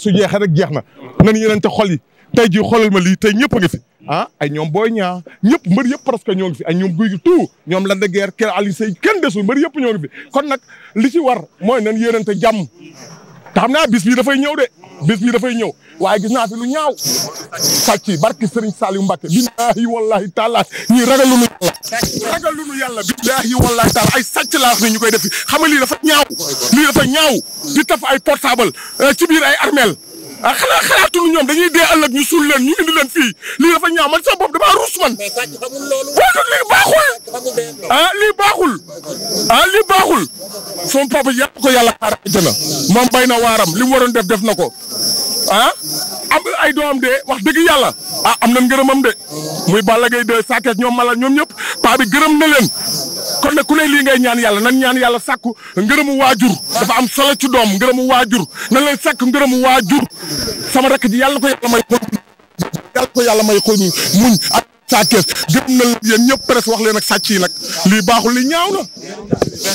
su jeexee rek jeex na nan yeneen te xol yi tey jii xoolal ma lii tey ñëpp a ngi fi ah ay ñoom booy ñaa ñëpp mbër yëpp presque ñoo ngi fi ay ñoom guy gi tout ñoom la de guerre kenn Aliou Seye kenn desul mbër yëpp ñoo ngi fi kon nag li ci war mooy nan yeneen te jàmm te xam naa bis bi dafay ñëw de bis bi dafay ñëw waaye gis naa fi lu ñaaw sàcc barki Serigne Saliou Mbacké billaahi wallaahi taala ñuy ragal lu ñu ragal yàlla billaahi wallaahi taala ay sàcc laas ni ñu koy def xam nga lii dafa ñaaw lii dafa ñaaw di taf ay portable euh, ci biir ay armeel ah xanaa xalaatuñu ñoom dañuy dee ëllëg ñu suul leen ñu indi leen fii lii dafa ñaaw man sa bopp damaa ruus man waaye lii baaxul ah lii baaxul ah lii baaxul son papa yàlla ko yàlla xaar àjjana moom bay na waaram li mu waroon def def na ko ah am ay doom de wax dëgg yàlla ah am na ngërëmam de muy Balla Gaye de Sakess ñoom mala ñoom ñëpp paa bi gërëm na leen kon ku ne lii ngay ñaan yàlla nan ñaan yàlla sàkku ngërëmu waajur dafa am solo ci doom ngërëmu waajur nan lay sàkk ngërëmu waajur sama rakk ji yàlla ko yàlla may xool ko yàlla may xool muñ am Sakess gërëm na leen yéen ñëpp wax leen ak sàcc yi nag lii baaxul li ñaaw na